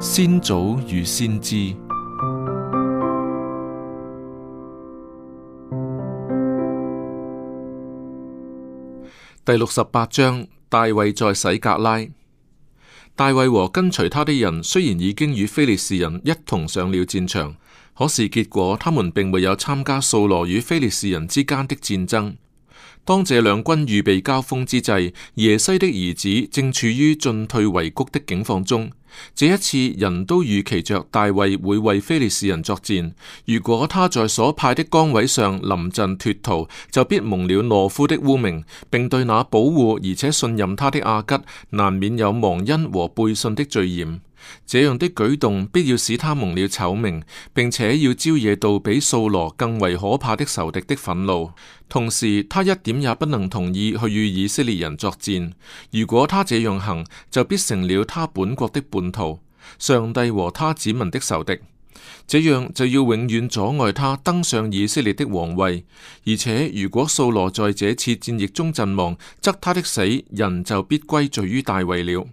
先祖與先知第六十八章：大衛在洗革拉。大衛和跟隨他的人雖然已經與非利士人一同上了戰場，可是結果他們並沒有參加掃羅與非利士人之間的戰爭。當這兩軍預備交鋒之際，耶西的兒子正處於進退維谷的境況中。這一次人都預期着大衛會為非利士人作戰。如果他在所派的崗位上臨陣脫逃，就必蒙了懦夫的污名，並對那保護而且信任他的亞吉，難免有忘恩和背信的罪嫌。這樣的舉動必要使他蒙了醜名，並且要招惹到比掃羅更為可怕的仇敵的憤怒。同時，他一點也不能同意去與以色列人作戰。如果他這樣行，就必成了他本國的叛徒，上帝和他子民的仇敵。這樣就要永遠阻礙他登上以色列的皇位。而且，如果掃羅在這次戰役中陣亡，則他的死人就必歸罪於大衛了。.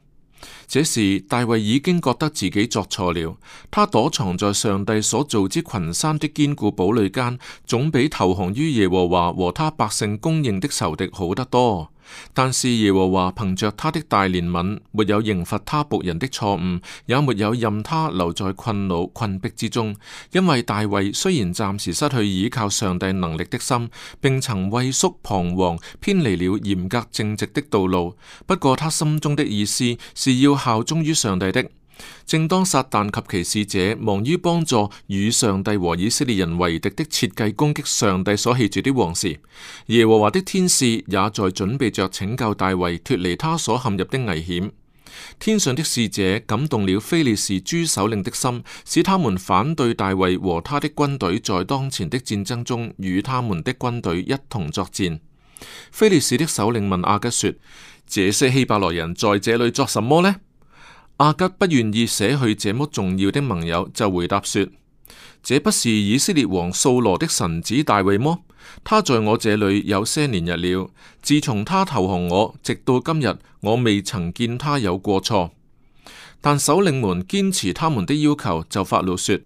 這時，大衛已經覺得自己作錯了。他躲藏在上帝所造之群山的堅固堡壘間，總比投降於耶和華和他百姓公認的仇敵好得多。但是耶和華憑着他的大憐憫，沒有刑罰他僕人的錯誤，也沒有任他留在困惱、困逼之中。因為大衛雖然暫時失去倚靠上帝能力的心，並曾畏縮、彷徨，偏離了嚴格正直的道路，不過他心中的意思是要效忠於上帝的。正當撒旦及其使者忙於幫助與上帝和以色列人為敵的設計攻擊上帝所棄絕的王時，耶和華的天使也在準備着拯救大衛脱離他所陷入的危險。天上的使者感動了非利士諸首領的心，使他們反對大衛和他的軍隊在當前的戰爭中與他們的軍隊一同作戰。非利士的首領問亞吉說：這些希伯來人在這裏作什麼呢？.阿吉不願意捨去這麼重要的盟友，就回答說：這不是以色列王掃羅的神子大衛麼？他在我這裏有些年日了，自從他投降我，直到今日，我未曾見他有過錯。但首領們堅持他們的要求，就發怒說。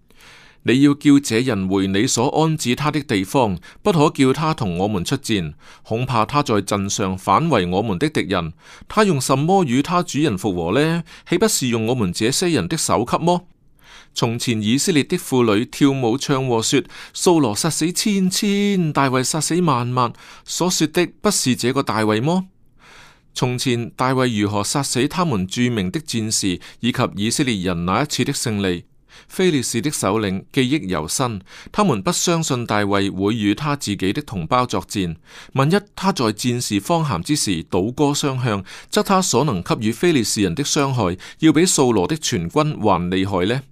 你要叫這人回你所安置他的地方，不可叫他同我們出戰，恐怕他在陣上反為我們的敵人。他用什麼與他主人復和呢？豈不是用我們這些人的首級麼？從前以色列的婦女跳舞唱和說：掃羅殺死千千，大衛殺死萬萬。所說的不是這個大衛麼？從前大衛如何殺死他們著名的戰士，以及以色列人那一次的勝利？非利士的首領記憶猶新，他們不相信大衛會與他自己的同胞作戰。萬一他在戰事方酣之時倒戈相向，則他所能給予非利士人的傷害，要比掃羅的全軍還厲害呢？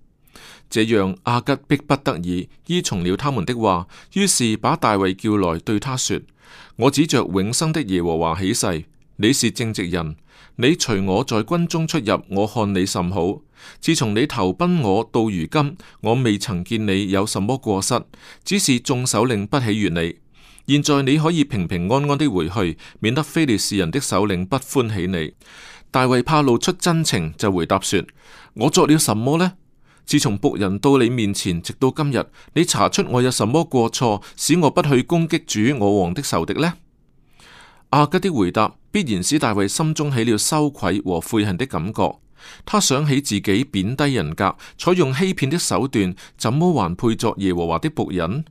這樣，亞吉逼不得已依從了他們的話，於是把大衛叫來，對他說：我指着永生的耶和華起誓，你是正直人，你隨我在軍中出入，我看你甚好。自從你投奔我到如今，我未曾見你有什麼過失，只是眾首領不喜悅你。現在你可以平平安安的回去，免得非利士人的首領不歡喜你。大衛怕露出真情，就回答說：我作了什麼呢？自從僕人到你面前，直到今日，你查出我有什麼過錯，使我不去攻擊主我王的仇敵呢？亞吉的回答必然使大衛心中起了羞愧和悔恨的感覺。他想起自己貶低人格、採用欺騙的手段，怎麼還配作耶和華的僕人？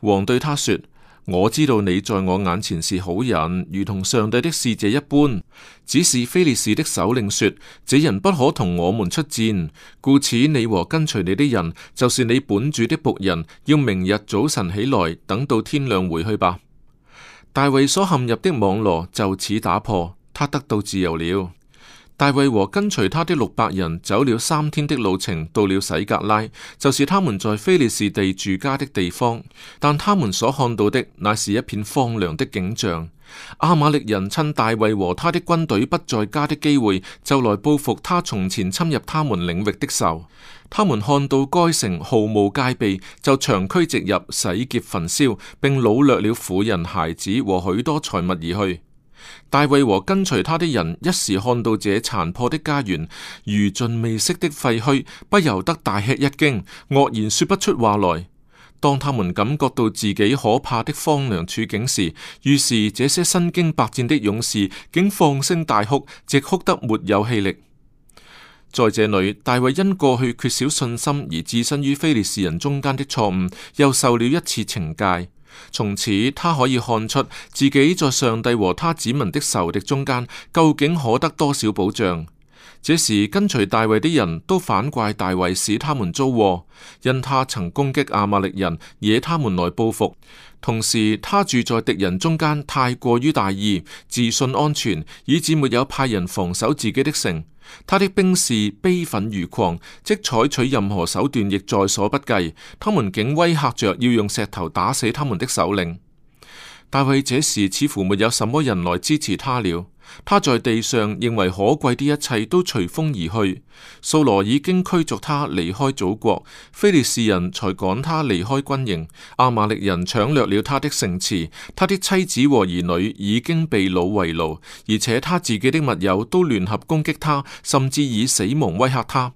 王對他說：我知道你在我眼前是好人，如同上帝的使者一般。只是菲利士的首領說：這人不可同我們出戰，故此你和跟隨你的人，就是你本主的僕人，要明日早晨起來，等到天亮回去吧。大衛所陷入的網羅就此打破，他得到自由了。大衛和跟隨他的六百人走了三天的路程，到了洗革拉，就是他們在非利士地住家的地方。但他們所看到的，那是一片荒涼的景象。亞瑪力人趁大衛和他的軍隊不在家的機會，就來報復他從前侵入他們領域的仇。他們看到該城毫無戒備，就長驅直入，洗劫焚燒，並擄掠了婦人、孩子和許多財物而去。大衛和跟隨他的人一時看到這殘破的家園、如燼未熄的廢墟，不由得大吃一驚，愕然說不出話來。當他們感覺到自己可怕的荒涼處境時，於是這些身經百戰的勇士竟放聲大哭，直哭得沒有氣力。在這裏，大衛因過去缺少信心而置身於非利士人中間的錯誤，又受了一次懲戒。從此，他可以看出自己在上帝和他子民的仇敵中間，究竟可得多少保障。這時跟隨大衛的人都反怪大衛使他們遭禍，因他曾攻擊亞瑪力人，惹他們來報復。同時，他住在敵人中間，太過於大意，自信安全，以致沒有派人防守自己的城。他的兵士悲憤如狂，即採取任何手段，亦在所不計。他們竟威嚇着要用石頭打死他們的首領。大衛這時似乎沒有什麼人來支持他了。他在地上認為可貴的一切都隨風而去。掃羅已經驅逐他離開祖國，非利士人才趕他離開軍營，阿瑪力人搶掠了他的城池，他的妻子和兒女已經被擄為奴，而且他自己的密友都聯合攻擊他，甚至以死亡威嚇他。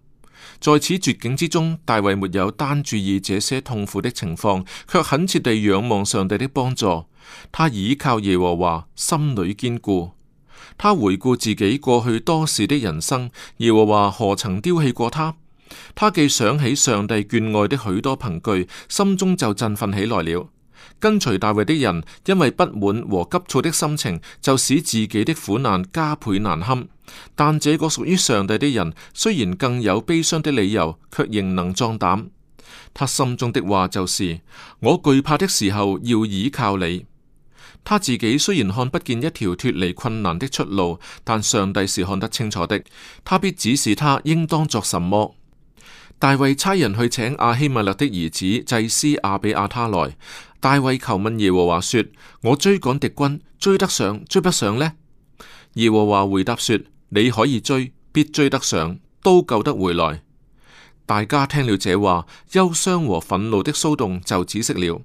在此絕境之中，大衛沒有單注意這些痛苦的情況，卻懇切地仰望上帝的幫助。他倚靠耶和華，心裏堅固。他回顧自己過去多時的人生，而我話何曾丟棄過他？他既想起上帝眷愛的許多憑據，心中就振奮起來了。跟隨大衛的人因為不滿和急躁的心情，就使自己的苦難加倍難堪。但這個屬於上帝的人，雖然更有悲傷的理由，卻仍能壯膽。他心中的話就是：我懼怕的時候要倚靠你。他自己雖然看不見一條脫離困難的出路，但上帝是看得清楚的。他必指示他應當作什麼。大衛差人去請阿希米勒的兒子祭司阿比亞他來。大衛求問耶和華說：我追趕敵軍，追得上追不上呢？耶和華回答說：你可以追，必追得上，都救得回來。大家聽了這話，憂傷和憤怒的騷動就止息了。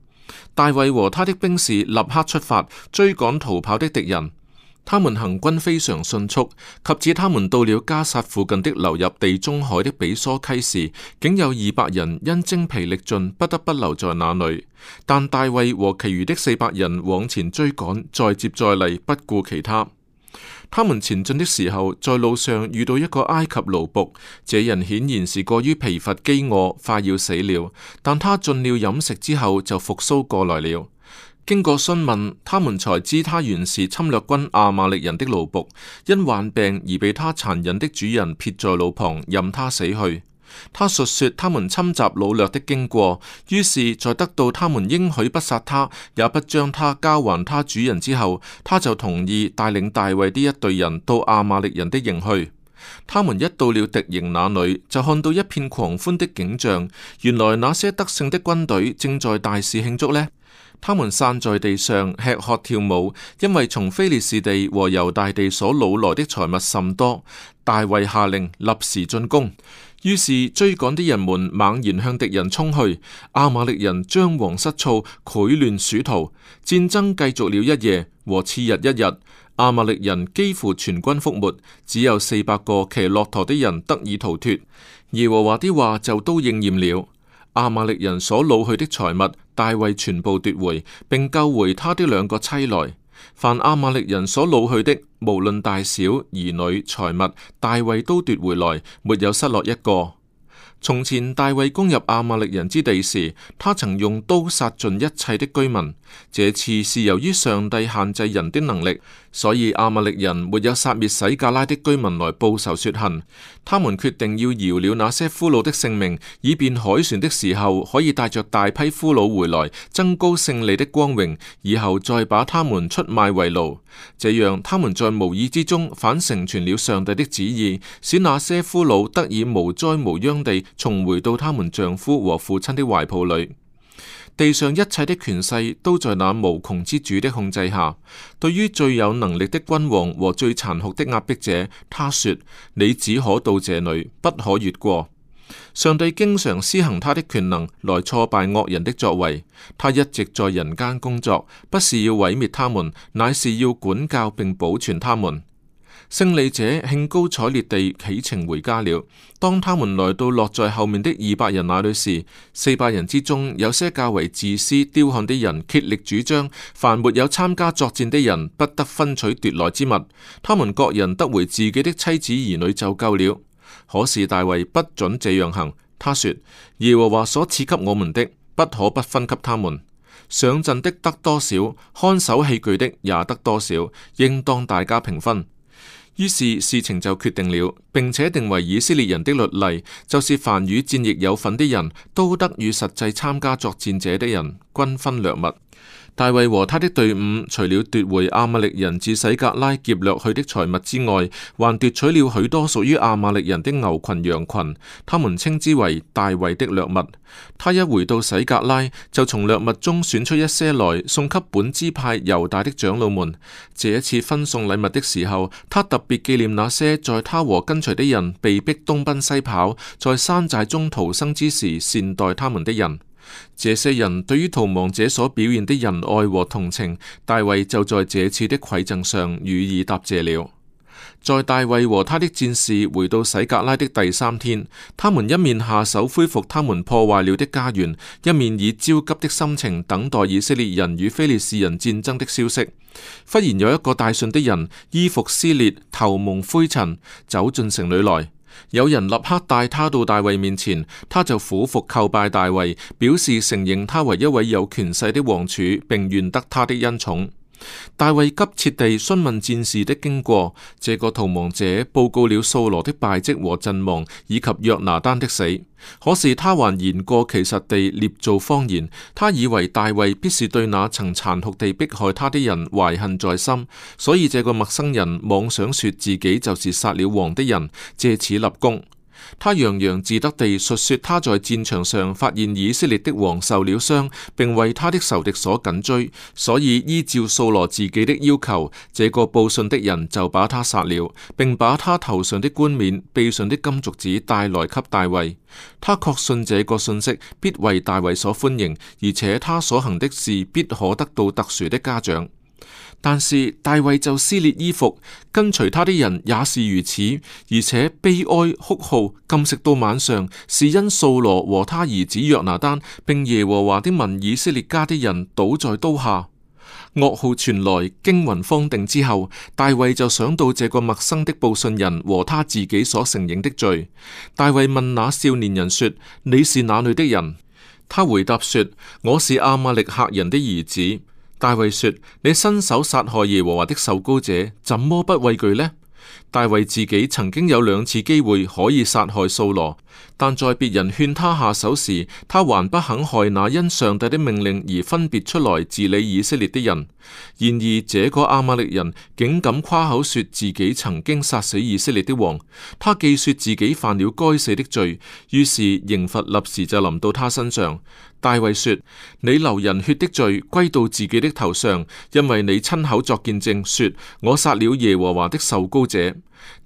大衛和他的兵士立刻出發追趕逃跑的敵人。他們行軍非常迅速，及至他們到了加薩附近的流入地中海的比梭溪時，竟有二百人因精疲力盡，不得不留在那裏。但大衛和其餘的四百人往前追趕，再接再厲，不顧其他。他們前進的時候，在路上遇到一個埃及奴僕，這人顯然是過於疲乏、飢餓，快要死了。但他進了飲食之後，就復蘇過來了。經過詢問，他們才知他原是侵略軍亞瑪力人的奴僕，因患病而被他殘忍的主人撇在路旁，任他死去。他述說他們侵襲魯略的經過，於是，在得到他們應許不殺他，也不將他交還他主人之後，他就同意帶領大衛的一隊人到阿瑪力人的營去。他們一到了敵營那裏，就看到一片狂歡的景象。原來那些得勝的軍隊正在大肆慶祝呢。他們散在地上吃喝跳舞，因為從菲利士地和猶大地所擄來的財物甚多。大衛下令立時進攻。於是追趕的人們猛然向敵人衝去，亞瑪力人張皇失措，潰亂鼠逃。戰爭繼續了一夜和次日一日，亞瑪力人幾乎全軍覆沒，只有四百個騎駱駝的人得以逃脫。耶和華的話就都應驗了。亞瑪力人所擄去的財物，大衛全部奪回，並救回他的兩個妻來。凡亞瑪力人所擄去的，無論大小、兒女、財物，大衛都奪回來，沒有失落一個。從前大衛攻入亞瑪力人之地時，他曾用刀殺盡一切的居民。這次是由於上帝限制人的能力。所以阿瑪力人沒有殺滅洗格拉的居民來報仇雪恨，他們決定要饒了那些俘虜的性命，以便凱旋的時候可以帶着大批俘虜回來，增高勝利的光榮，以後再把他們出賣為奴。這樣他們在無意之中反成全了上帝的旨意，使那些俘虜得以無災無殃地重回到他們丈夫和父親的懷抱裡。地上一切的權勢都在那無窮之主的控制下。對於最有能力的君王和最殘酷的壓迫者，他說：你只可到這裡，不可越過。上帝經常施行他的權能來挫敗惡人的作為。他一直在人間工作，不是要毀滅他們，乃是要管教並保存他們。勝利者興高采烈地啟程回家了。當他們來到落在後面的二百人那裏時，四百人之中有些較為自私、刁悍的人竭力主張：凡沒有參加作戰的人不得分取奪來之物，他們各人得回自己的妻子兒女就夠了。可是大衛不准這樣行，他說：耶和華所賜給我們的，不可不分給他們。上陣的得多少，看守器具的也得多少，應當大家平分。於是事情就決定了，並且定為以色列人的律例，就是凡與戰役有份的人都得與實際參加作戰者的人均分掠物。大衛和他的隊伍，除了奪回亞瑪力人自洗革拉劫掠去的財物之外，還奪取了許多屬於亞瑪力人的牛群羊群。他們稱之為大衛的掠物。他一回到洗革拉，就從掠物中選出一些來送給本支派猶大的長老們。這一次分送禮物的時候，他特別紀念那些在他和跟隨的人被逼東奔西跑，在山寨中逃生之時善待他們的人。這些人對於逃亡者所表現的仁愛和同情，大衛就在這次的饋贈上予以答謝了。在大衛和他的戰士回到洗革拉的第三天，他們一面下手恢復他們破壞了的家園，一面以焦急的心情等待以色列人與非利士人戰爭的消息。忽然有一個帶信的人，衣服撕裂，頭蒙灰塵，走進城裏來。有人立刻帶他到大衛面前，他就俯伏叩拜大衛，表示承認他為一位有權勢的王儲，並願得他的恩寵。大衛急切地詢問戰事的經過，這個逃亡者報告了掃羅的敗績和陣亡，以及約拿單的死。可是他還言過其實地捏造謊言。他以為大衛必是對那曾殘酷地迫害他的人懷恨在心，所以這個陌生人妄想說自己就是殺了王的人，借此立功。他洋洋自得地述說，他在戰場上發現以色列的王受了傷，並為他的仇敵所緊追，所以依照掃羅自己的要求，這個報信的人就把他殺了，並把他頭上的冠冕、臂上的金鐲子帶來給大衛。他確信這個信息必為大衛所歡迎，而且他所行的事必可得到特殊的嘉獎。但是大衛就撕裂衣服，跟隨他的人也是如此，而且悲哀哭號，禁食到晚上，是因掃羅和他兒子約拿單並耶和華的民以色列家的人倒在刀下。噩耗傳來，驚魂方定之後，大衛就想到這個陌生的報信人和他自己所承認的罪。大衛問那少年人說：你是哪裏的人？他回答說：我是亞瑪力客人的兒子。大衛說：你伸手殺害耶和華的受膏者，怎麼不畏懼呢？大衛自己曾經有兩次機會可以殺害掃羅，但在別人勸他下手時，他還不肯害那因上帝的命令而分別出來治理以色列的人。然而這個阿瑪力人竟敢誇口說自己曾經殺死以色列的王，他既說自己犯了該死的罪，於是刑罰立時就臨到他身上。大衛說：你流人血的罪歸到自己的頭上，因為你親口作見證說，我殺了耶和華的受膏者。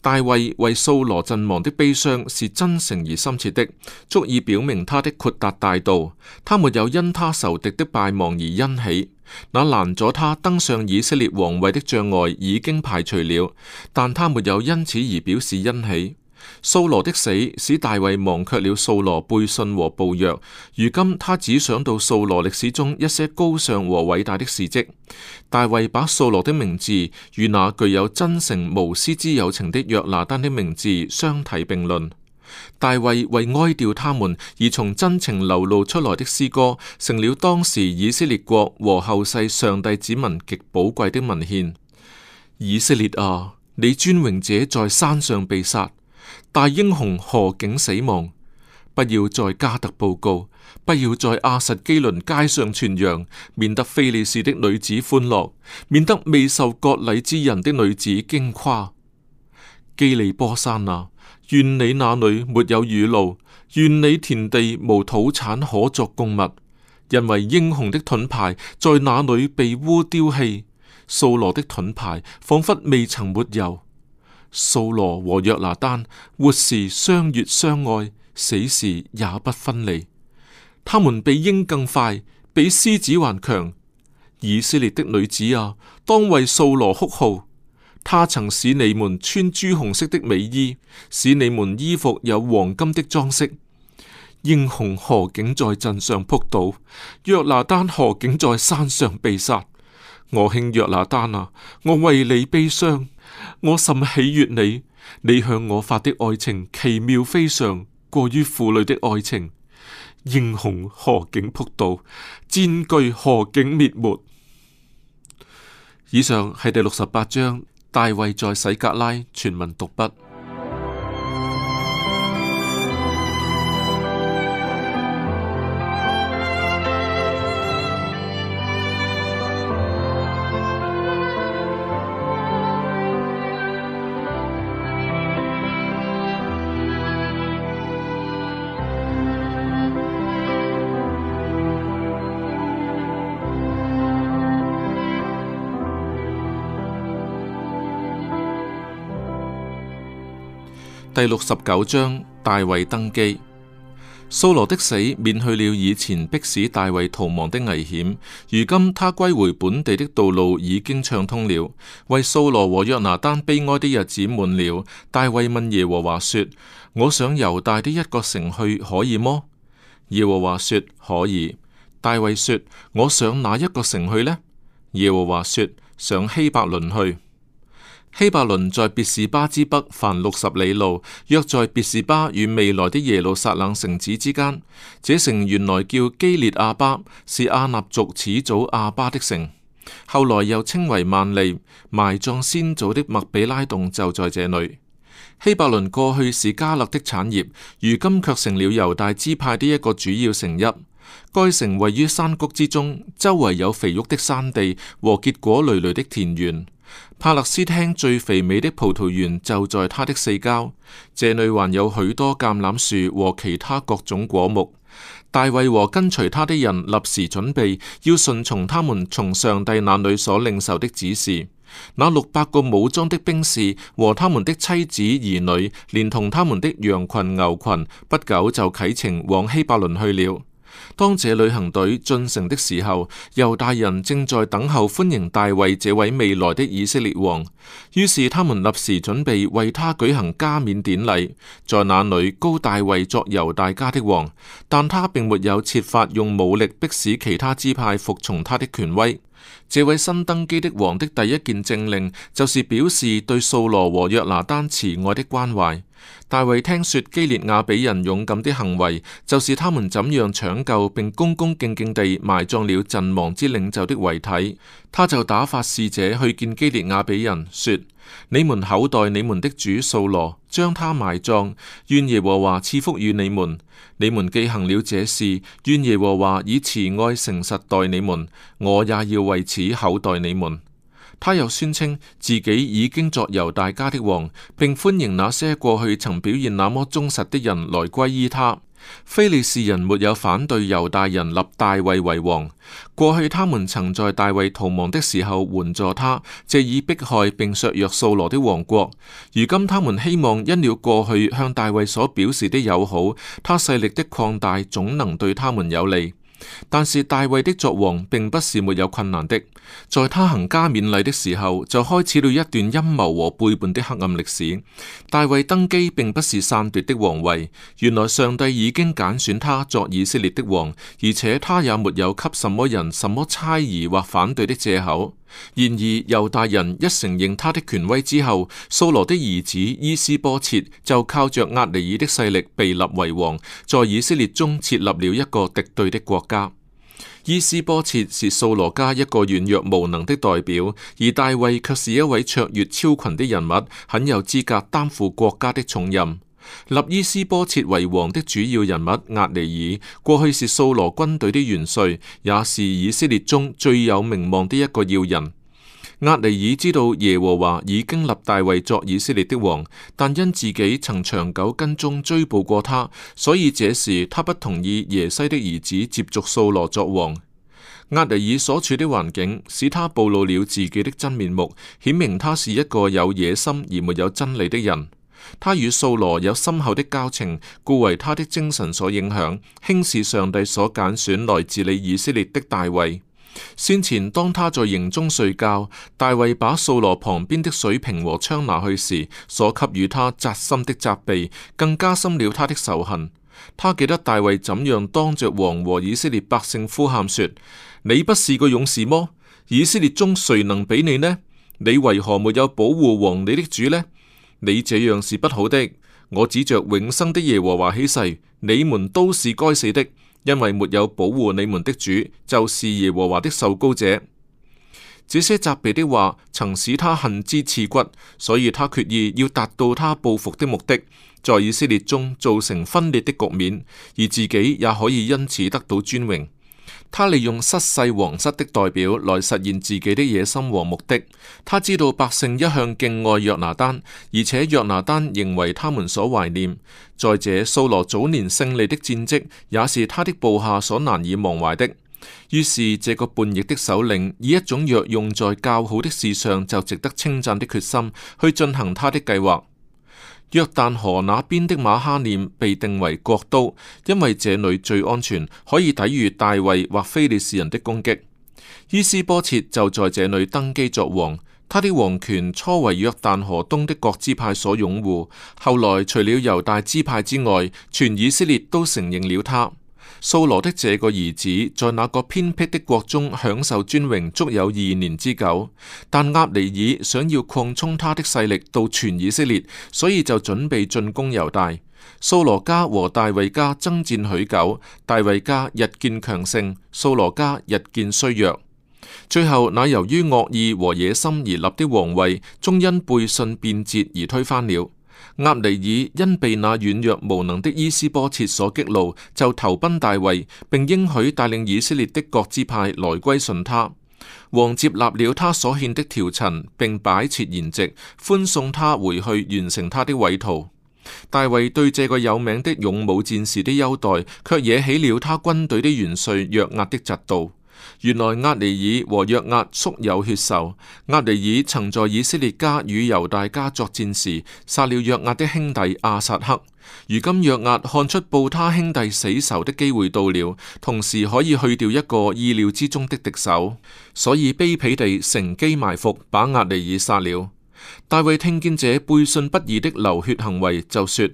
大衛為掃羅陣亡的悲傷是真誠而深切的，足以表明他的豁達大度。他沒有因他仇敵的敗亡而欣喜，那攔阻他登上以色列王位的障礙已經排除了，但他沒有因此而表示欣喜。掃羅的死使大衛忘卻了掃羅背信、和暴虐，如今他只想到掃羅歷史中一些高尚和偉大的事跡。大衛把掃羅的名字與那具有真誠無私之友情的約拿單的名字相提並論。大衛為哀悼他們而從真情流露出來的詩歌，成了當時以色列國和後世上帝子民極寶貴的文獻。以色列啊，你尊榮者在山上被殺。大英雄何竟死亡？不要在加特報告，不要在阿什基倫街上傳揚，免得非利士的女子歡樂，免得未受割禮之人的女子驚誇。基利波山啊，願你那裏沒有雨露，願你田地無土產可作供物，因為英雄的盾牌在那裏被污丟棄，掃羅的盾牌仿佛未曾沒有。素羅和約拿丹活時相悅相愛，死時也不分離。他們比鷹更快，比獅子還強。以色列的女子啊，當為素羅哭號，他曾使你們穿朱紅色的美衣，使你們衣服有黃金的裝飾。英雄何竟在陣上撲倒？約拿丹何竟在山上被殺？我兄約拿丹啊，我為你悲傷。我甚喜悅你，你向我發的愛情奇妙非常，過於婦女的愛情。英雄何竟仆倒，戰具何竟滅沒。以上係第六十八章《大衛在洗革拉》全文讀畢。第六十九章，大衛登基。掃羅的死免去了以前迫使大衛逃亡的危險，如今他歸回本地的道路已經暢通了。為掃羅和約拿單悲哀的日子滿了，大衛問耶和華說：我想猶大的一個城去，可以麼？耶和華說：可以。大衛說：我想哪一個城去呢？耶和華說：上希伯崙去。希伯倫在別士巴之北，凡六十里路，約在別士巴與未來的耶路撒冷城址之間。這城原來叫基列亞巴，是亞衲族始祖亞巴的城，後來又稱為幔利。埋葬先祖的麥比拉洞就在這裏。希伯倫過去是加勒的產業，如今卻成了猶大支派的一個主要城邑。該城位於山谷之中，周圍有肥沃的山地和結果累累的田園。巴勒斯坦最肥美的葡萄園就在他的四郊，這裏還有許多橄欖樹和其他各種果木。大衛和跟隨他的人立時準備要順從他們從上帝那裏所領受的指示。那六百個武裝的兵士和他們的妻子兒女，連同他們的羊群牛群，不久就啟程往希伯倫去了。當這旅行隊進城的時候，猶大人正在等候歡迎大衛這位未來的以色列王。於是他們立時準備為他舉行加冕典禮，在那裏膏大衛作猶大家的王。但他並沒有設法用武力迫使其他支派服從他的權威。這位新登基的王的第一件政令，就是表示對掃羅和約拿丹慈愛的關懷。大衛聽說基列亞比人勇敢的行為，就是他們怎樣搶救並恭恭敬敬地埋葬了陣亡之領袖的遺體，他就打發使者去見基列亞比人，說。你們厚待你們的主掃羅，將他埋葬。願耶和華賜福與你們。你們既行了這事，願耶和華以慈愛誠實待你們。我也要為此厚待你們。他又宣稱自己已經作猶大家的王，並歡迎那些過去曾表現那麼忠實的人來歸依他。非利士人沒有反對猶大人立大衛為王。過去他們曾在大衛逃亡的時候援助他，借以迫害並削弱掃羅的王國。如今他們希望因了過去向大衛所表示的友好，他勢力的擴大總能對他們有利。但是大衛的作王並不是沒有困難的，在他行加冕禮的時候，就開始了一段陰謀和背叛的黑暗歷史。大衛登基並不是篡奪的王位，原來上帝已經揀選他作以色列的王，而且他也沒有給什麼人什麼猜疑或反對的借口。然而，猶大人一承認他的權威之後，掃羅的兒子伊斯波切就靠着厄尼爾的勢力被立為王，在以色列中設立了一個敵對的國家。伊斯波切是掃羅家一個軟弱無能的代表，而大衛卻是一位卓越超群的人物，很有資格擔負國家的重任。立伊斯波切為王的主要人物押尼珥，過去是掃羅軍隊的元帥，也是以色列中最有名望的一個要人。押尼珥知道耶和華已經立大衛作以色列的王，但因自己曾長久跟蹤追捕過他，所以這時他不同意耶西的兒子接續掃羅作王。押尼珥所處的環境使他暴露了自己的真面目，顯明他是一個有野心而沒有真理的人。他與掃羅有深厚的交情，故為他的精神所影響，輕視上帝所揀選來治理以色列的大衛。先前當他在營中睡覺，大衛把掃羅旁邊的水瓶和槍拿去時，所給予他扎心的責備，更加深了他的仇恨。他記得大衛怎樣當着王和以色列百姓呼喊說，你不是個勇士麼？以色列中誰能比你呢？你為何沒有保護王你的主呢？你這樣是不好的。我指着永生的耶和華起誓，你們都是該死的，因為沒有保護你們的主，就是耶和華的受膏者。這些責備的話曾使他恨之刺骨，所以他決意要達到他報復的目的，在以色列中造成分裂的局面，而自己也可以因此得到尊榮。他利用失勢皇室的代表來實現自己的野心和目的。他知道百姓一向敬愛約拿單，而且約拿單仍為他們所懷念。再者，掃羅早年勝利的戰績也是他的部下所難以忘懷的。於是，這個叛逆的首領以一種若用在較好的事上就值得稱讚的決心去進行他的計劃。約旦河那邊的馬哈念被定為國都，因為這裏最安全，可以抵禦大衞或非利士人的攻擊。伊斯波切就在這裏登基作王，他的王權初為約旦河東的國支派所擁護，後來除了猶大支派之外，全以色列都承認了他。掃羅的這個兒子在那個偏僻的國中享受尊榮，足有二年之久。但押尼珥想要擴充他的勢力到全以色列，所以就準備進攻猶大。掃羅家和大衛家爭戰許久，大衛家日漸強盛，掃羅家日漸衰弱。最後，那由於惡意和野心而立的王位，終因背信變節而推翻了。押尼珥因被那軟弱無能的伊斯波切所激怒，就投奔大衛，並應許帶領以色列的各支派來歸順他。王接納了他所獻的條陳，並擺設筵席，歡送他回去完成他的委託。大衛對這個有名的勇武戰士的優待，卻惹起了他軍隊的元帥約押的嫉妒。原來押尼珥和約押宿有血仇，押尼珥曾在以色列家與猶大家作戰時殺了約押的兄弟亞撒黑。如今約押看出報他兄弟死仇的機會到了，同時可以去掉一個意料之中的敵手，所以卑鄙地乘機埋伏把押尼珥殺了。大衛聽見這背信不義的流血行為，就說。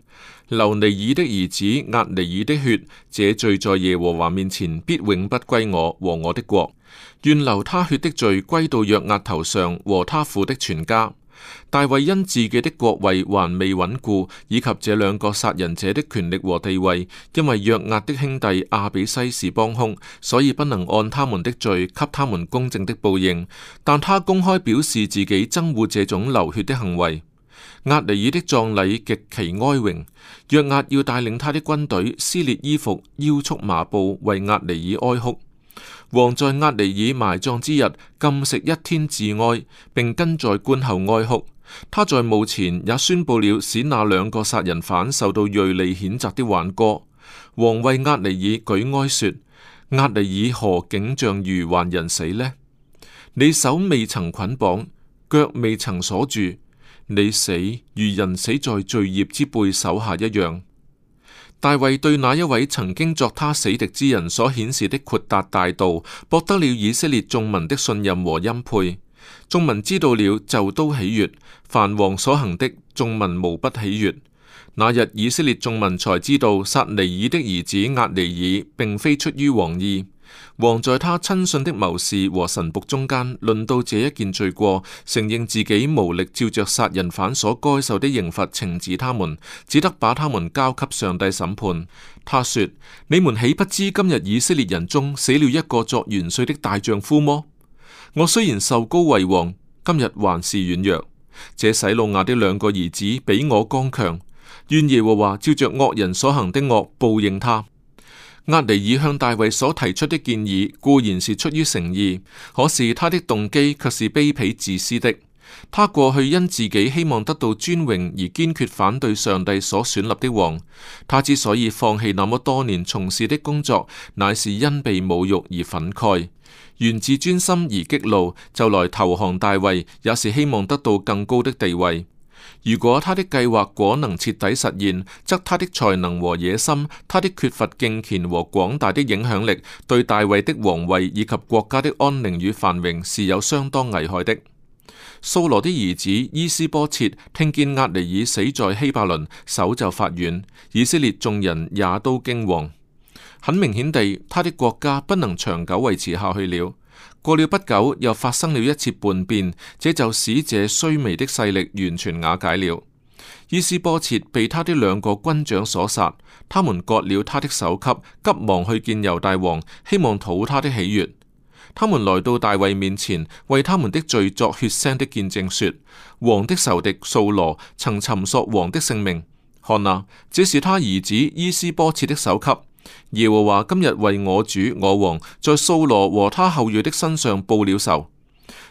流尼爾的兒子押尼爾的血，這罪在耶和華面前必永不歸我和我的國。願流他血的罪歸到約押頭上和他父的全家。大衛因自己的國位還未穩固，以及這兩個殺人者的權力和地位，因為約押的兄弟亞比篩是幫凶，所以不能按他們的罪給他們公正的報應。但他公開表示自己憎惡這種流血的行為。押尼珥的葬禮極其哀榮，約押要帶領他的軍隊撕裂衣服，腰束麻布為押尼珥哀哭。王在押尼珥埋葬之日禁食一天致哀，並跟在棺後哀哭。他在墓前也宣布了使那兩個殺人犯受到銳利譴責的挽歌。王為押尼珥舉哀說：押尼珥何竟像如愚頑人死呢？你手未曾捆綁，腳未曾鎖住。你死如人死在罪孽之輩手下一樣。大衛對那一位曾經作他死敵之人所顯示的豁達大度，博得了以色列眾民的信任和欽佩。眾民知道了就都喜悦，凡王所行的，眾民無不喜悦。那日以色列眾民才知道，殺尼珥的兒子押尼珥並非出於王意。王在他親信的謀士和神僕中間，論到這一件罪過，承認自己無力照着殺人犯所該受的刑罰懲治他們，只得把他們交給上帝審判。他說：你們豈不知今日以色列人中死了一個作元帥的大丈夫麼？我雖然受膏為王，今日還是軟弱。這洗魯亞的兩個兒子比我剛強，願耶和華照着惡人所行的惡報應他。厄尼爾向大衛所提出的建議固然是出於誠意，可是他的動機卻是卑鄙自私的。他過去因自己希望得到尊榮而堅決反對上帝所選立的王。他之所以放棄那麼多年從事的工作，乃是因被侮辱而憤慨，源自尊心而激怒，就來投降大衛，也是希望得到更高的地位。如果他的計劃果能徹底實現，則他的才能和野心，他的缺乏敬虔和廣大的影響力，對大衛的皇位以及國家的安寧與繁榮是有相當危害的。掃羅的兒子伊施波設聽見押尼珥死在希伯崙，手就發軟，以色列眾人也都驚惶。很明顯地，他的國家不能長久維持下去了。過了不久，又發生了一次叛變，這就使這衰微的勢力完全瓦解了。伊斯波切被他的兩個軍長所殺，他們割了他的首級，急忙去見猶大王，希望討他的喜悅。他們來到大衛面前，為他們的罪作血腥的見證，說：王的仇敵掃羅曾尋索王的性命，看啊，這是他兒子伊斯波切的首級。耶和華今日為我主我王在掃羅和他後裔的身上報了仇，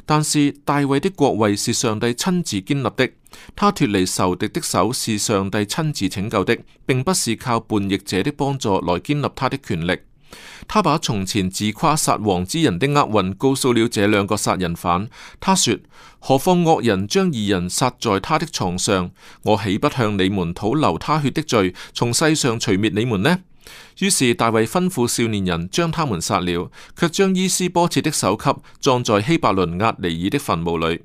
但是大衛的國位是上帝親自建立的。他脫離仇敵的手是上帝親自拯救的，並不是靠叛逆者的幫助來建立他的權力。他把從前自誇殺王之人的厄運告訴了這兩個殺人犯。他說：何況惡人將二人殺在他的床上？我豈不向你們討流他血的罪，從世上除滅你們呢？於是大衛吩咐少年人將他們殺了，卻將伊斯波切的首級葬在希伯倫押尼珥的墳墓裏。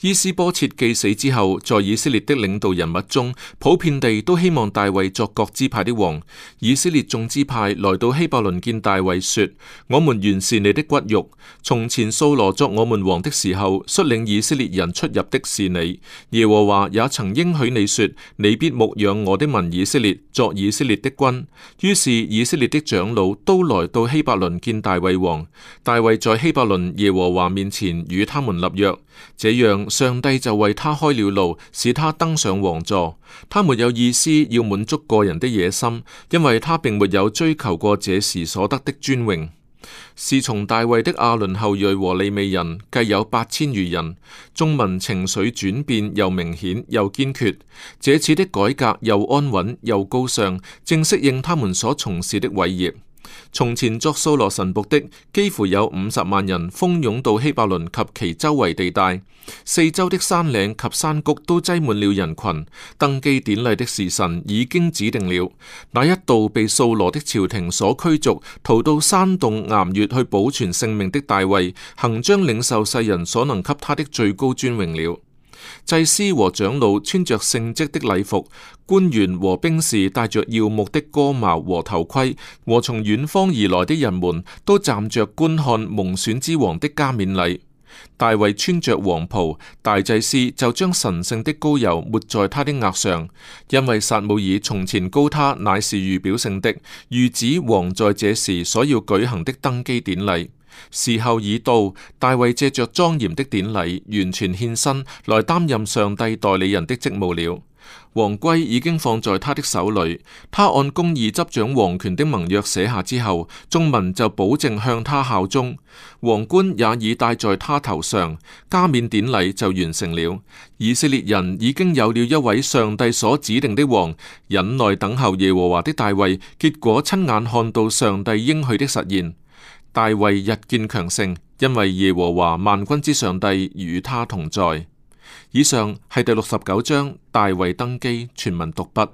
伊斯波切既死之後，在以色列的領導人物中，普遍地都希望大衛作各支派的王。以色列眾支派來到希伯倫見大衛說：我們原是你的骨肉，從前掃羅作我們王的時候，率領以色列人出入的是你，耶和華也曾應許你說：你必牧養我的民以色列，作以色列的君。於是。以色列的長老都來到希伯崙見大衛王。大衛在希伯崙耶和華面前與他們立約，這樣上帝就為他開了路，使他登上王座。他沒有意思要滿足個人的野心，因為他並沒有追求過這時所得的尊榮。侍從大衛的亞倫後裔和利未人計有八千餘人，眾民情緒轉變又明顯又堅決，這次的改革又安穩又高尚，正適應他們所從事的偉業。從前作掃羅神僕的，幾乎有五十萬人蜂擁到希伯倫及其周圍地帶，四周的山嶺及山谷都擠滿了人群。登基典禮的時辰已經指定了，那一度被掃羅的朝廷所驅逐，逃到山洞岩穴去保存性命的大衛，行將領受世人所能給他的最高尊榮了。祭司和長老穿着聖職的禮服，官員和兵士帶着耀目的戈矛和頭盔，和從遠方而來的人們都站着觀看蒙選之王的加冕禮。大衛穿着黃袍，大祭司就將神聖的膏油抹在他的額上，因為撒母耳從前膏他乃是預表性的，預指王在這時所要舉行的登基典禮。時候已到，大衛借着莊嚴的典禮，完全獻身來擔任上帝代理人的職務了。王圭已經放在他的手裏，他按公義執掌王權的盟約寫下之後，眾民就保證向他效忠。皇冠也已戴在他頭上，加冕典禮就完成了。以色列人已經有了一位上帝所指定的王，忍耐等候耶和華的大衛，結果親眼看到上帝應許的實現。大衛日見強盛，因為耶和華萬軍之上帝與他同在。以上係第六十九章大衛登基全文讀畢。